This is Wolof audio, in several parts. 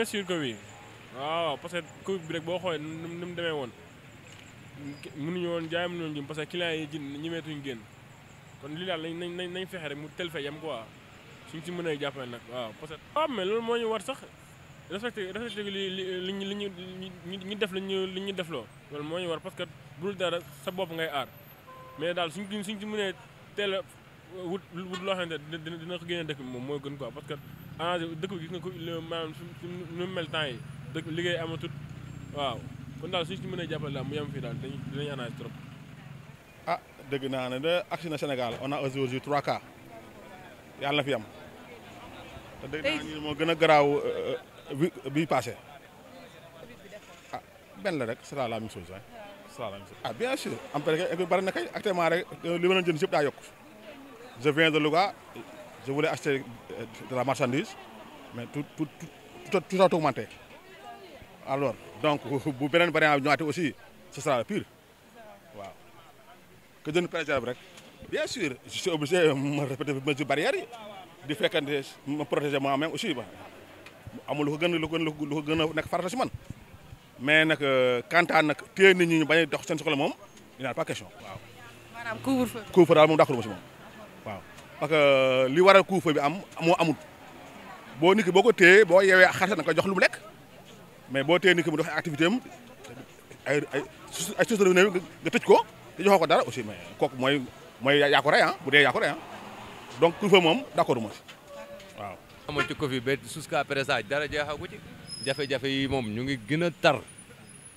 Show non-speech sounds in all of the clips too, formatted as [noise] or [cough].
bien sûr que oui waaw parce que bi rek boo xoolee ni mu demee woon nu mënuñu woon jaay mënuñu jëm parce que client yi jën ñemeetuñu génn kon li daal nañ nañ nañ fexe rek mu tel fa yam quoi suñ si mënee jàppale nag waaw parce que. waaw mais loolu moo ñu war sax respecté respecté li li ñu li ñu ñu def li ñu li ñu def loo loolu moo ñu war parce que bu dara sa bopp ngay aar mais daal suñ suñ si mënee teel a wut wut loo xamante dina dina ko génne dëkk moom mooy gën quoi parce que. arrangé dëkk bi yi dëkk liggéey amatut waaw kon daal suñ si mënee jàppale daal mu yem fii daal dañuy dañuy trop. ah dëgg naa ne de na Sénégal on a aujourd'hui trois cas yàlla na fi am. te dëgg naa ñu moo gën a garaaw euh, euh, bi bi ah benn la rek c'est la même chose hein. c'est la même chose ah bien sûr am na kay bari kay actuellement rek li ma leen jënd yëpp daa yokk je viens de Louga. je voulais acheter euh, de la marchandise, mais tout, tout, tout, tout a augmenté. Alors, donc, [laughs] bu beneen variant ñëwaatee aussi ce sera le pire waaw que jënd préserve rek bien sûr je suis obligé [laughs] ma répéter mesures barrières de di fekkante me protéger moi-même aussi ba amul lu ko gën lu ko lu ko gën a nekk farata si man mais nag euh, quant à nag ñu bañ a dox seen soxla moom il n'est pas question waaw. maanaam couvre-feu. couvre-feu daal moom d'accord ma si moom. parce que li waral couvre-feu bi am moo amut boo nit boo ko téye boo yeewee xarta na ko jox lu mu lekk mais boo téye nit ki mu dox ay activité ay ay ay sources de revenus ko te dara aussi mais kooku mooy mooy yaa ko rey ah bu dee yaa ah. moom d'accord si waaw. amoon ci Covid ba jusqu'à présent dara jeexagu ci jafe-jafe yi moom ñu ngi gën a tar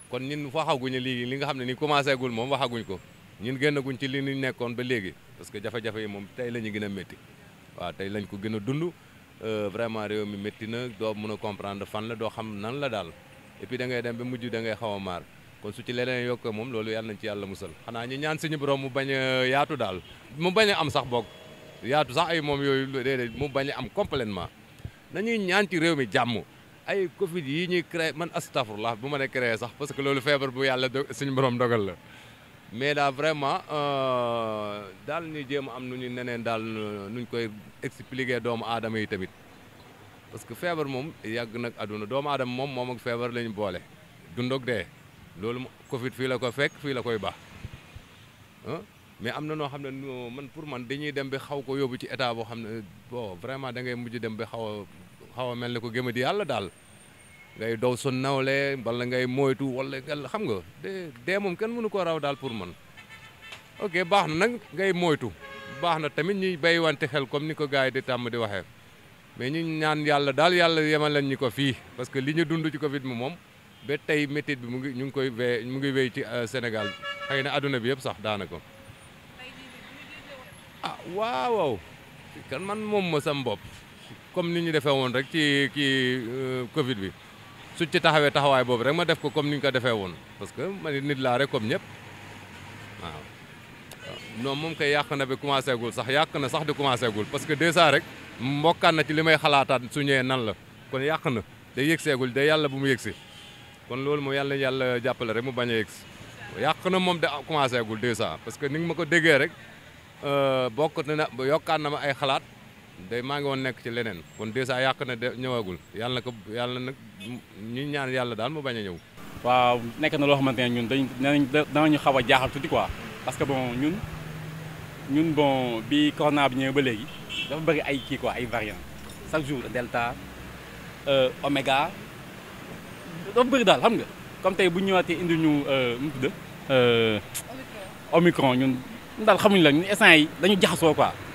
kon ñun waxaguñu léegi li nga xam ne ni commencé gul moom waxaguñ ko ñun génnaguñ ci li ñu nekkoon ba léegi. parce que jafe-jafe yi moom tey la ñu gën a métti waaw tey lañ ko gën a dund euh, vraiment réew mi métti na doo mën a comprendre fan la doo xam nan la daal et puis da ngay dem ba mujj da ngay xaw a maar kon su ci leneen yokk moom loolu yàlla nañ ci yàlla musal xanaa ñu ñaan suñu borom mu bañ yaatu daal mu bañ am sax boog yaatu sax ay moom yooyu déedéet mu bañ a am complètement nañuy ñaan ci réew mi jàmm ay Covid yi ñuy créé man astafurlah bu ma ne créé sax parce que loolu feebar bu yàlla suñu borom dogal la mais là vraiment euh, dal ñu jéem am nu ñu neneen dal nuñ koy expliquer doom adam yi tamit parce que fever mom yag nak aduna doom adam mom mom ak feebar lañ bolé dundok dé dee Covid fi la ko fekk fi la koy hein mais amna no noo man pour man dañuy dem bi xaw ko yobu ci état bo xam bon vraiment da ngay mujj dem bi xaw xaw ko gëm di yalla dal ngay dow sa lee wala ngay moytu wala nga xam nga de dee moom kenn mënu ko raw daal pour man ok baax na nag ngay moytu baax na tamit ñuy wante xel comme ni ko gars yi di tàmm di waxee mais ñu ñaan yàlla daal yàlla yemal leen ñi ko fii parce que li ñu dund ci Covid bi moom ba tey métit bi mu ngi ñu ngi koy wee mu ngi wéy ci euh, senegal xëy na àdduna bi yëpp sax daanaka. ko ah, waaw waaw kan man moom ma sam bopp comme ni ñu defee woon rek ci kii euh, Covid bi. su ci taxawee taxawaay boobu rek ma def ko comme ni ñu ko defee woon parce que man nit laa rek comme ñëpp waaw. non moom kay yàq na bi commencé gul sax yàq na sax di commencé gul parce que déjà rek mbokkaan na ci li may xalaataat su ñëwee nan la kon yàq na day yëgseegul de yàlla bu mu yëgsi kon loolu moom yàlla yàlla jàppale rek mu bañ a yëgsi yàq na moom da commencé gul déjà parce que ni nga ma ko déggee rek euh, bokk na yokkaan na ma ay xalaat. day maa ngi woon nekk ci leneen kon dèjà yàq na de ñëwagul yàlla na ko yàlla nag ñu ñaan yàlla daal mu bañ a ñëw. waaw nekk na loo xamante ne ñun dañ danañ danañu xaw a jaaxal tuuti quoi parce que bon ñun ñun bon bi corona bi ñëwee ba léegi dafa bari ay kii quoi ay variant chaque jour delta euh, oméga dafa bëri daal xam nga comme tey bu ñu ñëwaatee indi ñu euh, nu mu tudd euh, omicron ñun daal xamuñ la ñun instant yi dañu jaxasoo ko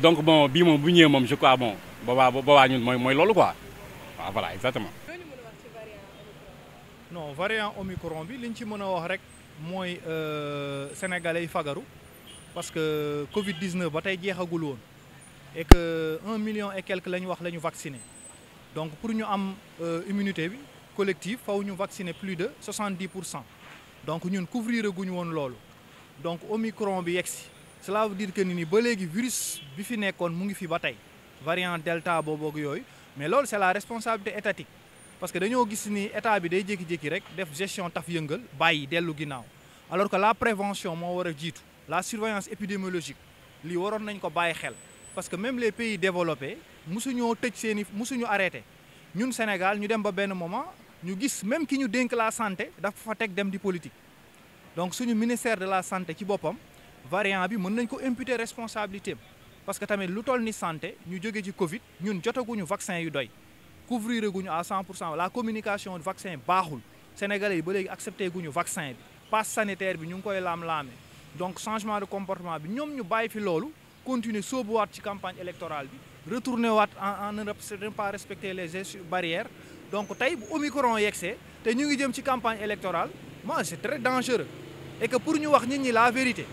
donc bon bi moom bu ñëw moom je crois bon boobaa boobaa ñun moy moy lolu quoi Ah voilà exactement. non variant omicron bi liñ ci mëna wax rek euh sénégalais yi fagaru parce que Covid 19 batay jéxagul won et que 1 million et quelques lañ wax lañu vacciner donc pour ñu am euh, immunité bi collective faaw ñu vacciner plus de 70 donc ñun couvrir guñ won lolu donc omicron bi yexi cela veut dire que ni ba le virus bi fi nekkoon mu ngi fi variant delta mais c'est la responsabilité étatique parce que dañoo gis ni état bi day jékki-jékki rek def gestion taf yëngal bàyyi le ginnaaw alors que la prévention la surveillance épidémiologique lii waroon nañ ko bàyyi xel parce que même les pays développés nous, tëj seeni musuñu arrêté ñun Sénégal ñu dem ba benn moment ñu gis même ki ñu dénk la santé dafa fa fait dem politique donc suñu ministère de la santé ci boppam variant bi mën nañ imputer responsabilité parce que tamit lu toll ni santé ñu jóge ci Covid ñun jotaguñu vaccin yu doy couvrir guñu à 100 la communication vaccin baaxul sénégalais yi ba léegi accepté guñu vaccin bi passe sanitaire bi ñu ngi koy donc changement de comportement nous ñoom ñu bàyyi fi loolu continuer ci campagne électorale retourner waat en en ne pas respecter les barrières donc tey bu Omicron yegsee te ñu ngi jëm ci campagne électorale moi c'est très dangereux et que pour nous wax nit la vérité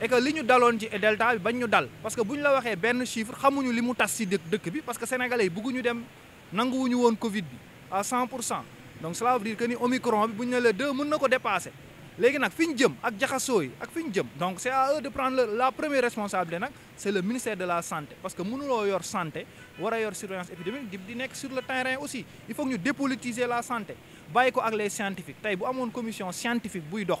et que li ñu ci delta bi bañ ñu dal parce que buñ la waxé ben chiffre xamuñu li mu tas si dëkk bi parce que sénégalais yi bëgguñu dem nanguwuñu won Covid bi à 100 donc cela veut dire que ni omicron bi buñ ñu ne deux mën na ko dépasser léegi nag fi jëm ak jaxaso yi ak fi jëm donc c'est à eux de prendre la première responsabilité nak c'est le ministère de la santé parce que lo yor santé wara yor surveillance épidémique di nek sur le terrain aussi il faut que ñu dépolitiser la santé il ak les scientifiques tay bu une commission scientifique buy dox.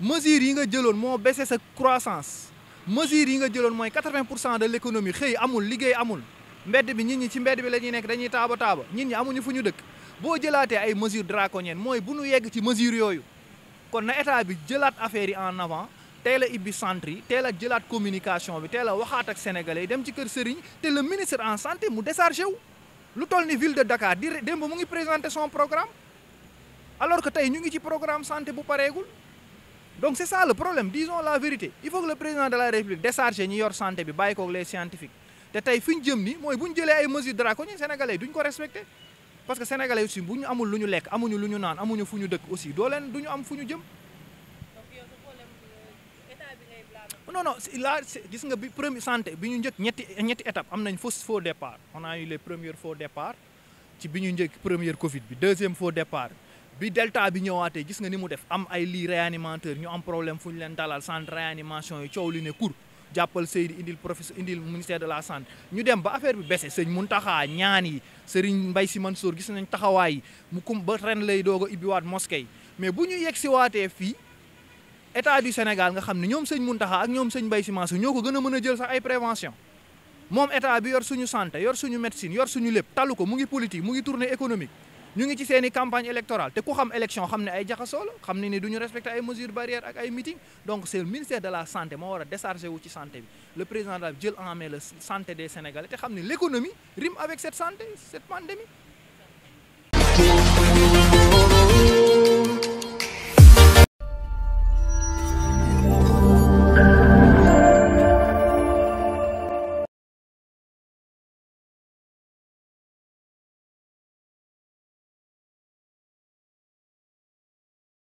mesures yi nga jëloon mo baissé sa croissance mesures yi nga jëloon moy 80 de l'économie, xey amul liguey amul mbedd bi nit ñi ci mbedd bi lañuy ñuy nekk dañuy taaba taaba nit ñi amuñu fuñu ñu dëkk boo jëlaatee ay mesures draconiennes moy bu ñu yegg ci mesures yoyu kon na état bi jëlaat affaire yi en avant teel a ibbi centre yi teel a communication bi teel a waxaat ak sénégalais dem ci kër sëriñ té le ministre en santé mu déchargé wu lu toll ni ville de Dakar di démb mu ngi présenté son programme alors que tay ñu ngi ci programme santé bu parégul donc c'est ça le problème disons la vérité il faut que le président de la république décharge ñi yor santé bi bàyyi les scientifiques Et tey si on jëm ni mooy bu ñu ay mesures draconiennes sénégalais duñ ko respecté parce que sénégalais aussi bu ñu amul lu ñu lekk amuñu lu ñu naan amuñu fu dëkk aussi doo leen problème de l'état fu ñu jëm euh, non non là gis nga bi premier santé bi ñu njëkk ñetti ñetti étape am nañ fausse faux départ on a eu le premier faux départ ci bi ñu première covid bi deuxième faux départ bi delta bi ñëwaatee gis nga ni mu def am ay lits réanimateur ñu am problème fu ñu leen dalal centre réanimation yi coow li ne kur jàppal Seydi indil professeur indil ministère de la santé ñu dem ba affaire bi bese sëñ taxaa ñaan yi mbay si man Mansour gis nañ taxawaay yi mu kum ba ren lay doog a ibbiwaat mosquée mais bu ñu yegg si waatee fii état du Sénégal nga xam ne ñoom sëñ Muntaxa ak ñoom sëñ Mbaye Sy Mansour ñoo ko gën a mën a jël sax ay prévention moom état bi yor suñu santé yor suñu médecine yor suñu lépp talu ko mu ngi politique mu ngi tournée économique Nous avons ci une campagne électorale Nous ku xam élection nous ne ay la ni mesures barrières et ay meeting donc c'est le ministère de la santé qui a santé le président de la en la santé des Sénégalais l'économie rime avec cette santé cette pandémie